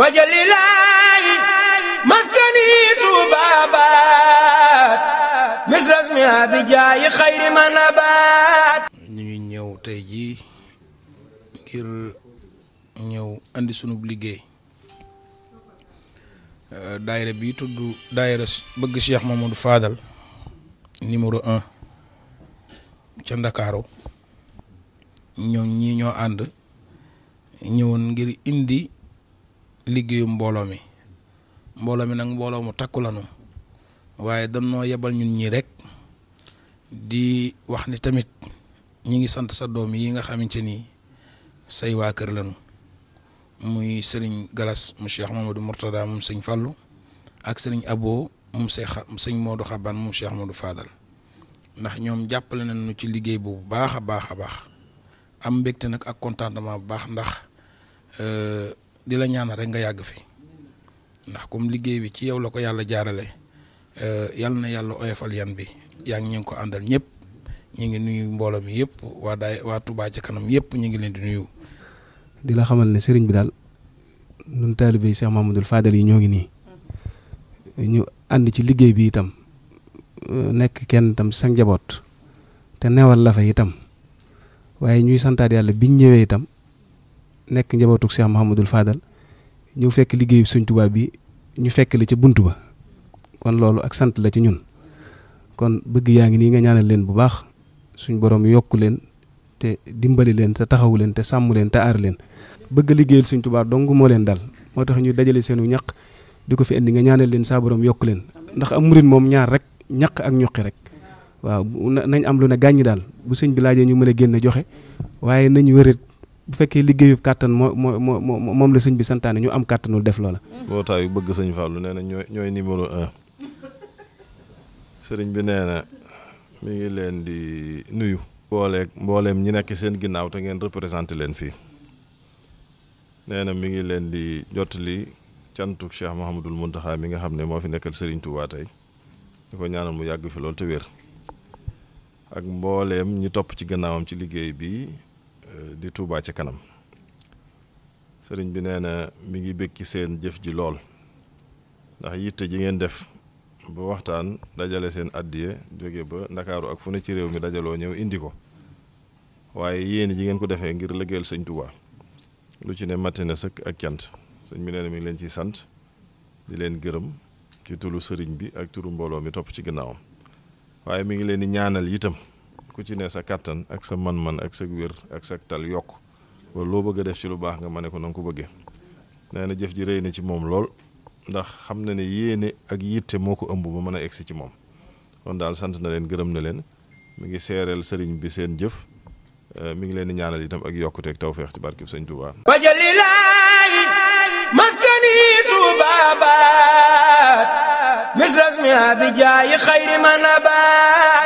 wajalilaayi maskani tuubaabaat misras mi abijaayi xayri man abaat ñu ñëw tey jii ngir ñëw andi sunub liggéey euh, daayira bi tudd daayira bëgg Cheikh Mamadou Fadal numéro un ca Ndakaaru ñoom ñii ñoo ànd ñëwoon ngir indi liggéeyu mbooloo mi mbooloo mi nag mbooloo mu takku lanu waaye danoo yebal ñun ñii rek di wax ni tamit ñi ngi sant sa doom yi nga xamante ni say waa kër lanu muy sëriñ Galas mu Cheikh Mamadou Mourtada moom sëñ Fallou ak sëriñ Abo moom sëñ Modou Xaban moom ma du Fadal ndax ñoom jàppale nañu ci liggéey bu baax a baax a baax am mbégte nag ak contentement bu baax ndax. Euh, di la ñaana rek nga yàgg fi ndax comme liggéey bi ci yow la ko yàlla jaarale eh, yal na yàlla oyofal yan bi yaa ngi ngi ko àndal ñëpp ñu ngi nuyu mbooloo mi yëpp waa daay waa Touba yëpp ñu ngi leen di nuyu. di la xamal ne sëriñ bi daal ñun taalibe Cheikh Mamadou Fadel yi ñoo ngi nii ñu ànd ci liggéey bi itam eh, nekk kenn itam sa njaboot te newal la fa itam waaye ñuy santaat yàlla biñ ñëwee itam. nekk njabootug Cheikh Mouhamadul faadal ñu fekk liggéeyu Sëñ Tuubaa bi ñu fekk la ca bunt ba kon loolu ak sant la ci ñun kon bëgg yaa ngi nii nga ñaanal leen bu baax suñ borom yokk leen te dimbali leen te taxawu leen te sàmm leen te aar leen bëgg liggéeyal suñ tubaab dong moo leen daal moo tax ñu dajale seenu ñaq di ko fi indi nga ñaanal leen saa boroom yokk leen ndax am murit moom ñaar rek ñaq ak ñoqi rek waaw nañ am lu ne gàññi daal bu sëñ bi laajee ñu mën a génn joxe waaye bu fekkee liggéeyu kàttan moo moo moo moom la sëñ bi santaane ñu am kàttanul def loola. mbootaayu bëgg sëñ Fallou nee na ñooy ñooy numéro un sëriñ bi nee na mi ngi leen di nuyu. mbooleeg mbooleem ñi nekk seen ginnaaw te ngeen représenté leen fii nee na mi ngi leen di jottali cantuk Cheikh Mouhamadul Mountakha mi nga xam ne moo fi nekkal sëriñ Touba tey di ko ñaanal mu yàgg fi loolu te wér ak mbooleem ñi topp ci gannaawam ci liggéey bii Eh, di Touba ci kanam sëriñ bi nee na mi ngi bëgg ci seen jëf ji lool ndax yitte ji ngeen def ba waxtaan dajale seen addiye jóge ba ndakaaru ak fu ne ci réew mi dajaloo ñëw indi ko waaye yéen ji ngeen ko defee ngir liggéeyal sëñ Touba lu ci ne matt na sëkk ak cant sëñ bi nee mi ngi leen ciy sant di leen gërëm ci tulu sëriñ bi ak turu mbooloo mi topp ci ginnaawam waaye mi ngi leen ñaanal itam. ku ci ne sa kàttan ak sa man-man ak sa wér ak sa tal yokk ba loo bëgg a def ci lu baax nga ma ne ko na nga ko bëggee nee na jëf ji rëy na ci moom lool ndax xam na ne yéene ak yitte moo ko ëmb ba mën a si ci moom kon daal sant na leen gërëm na leen mu ngi seereel sëriñ bi seen jëf eh, mu ngi leen di ñaanal itam ak yokkuteeg tawféex ci barkib sëñ Touba maskani tubabat misras mi abi jaayi xayri manabat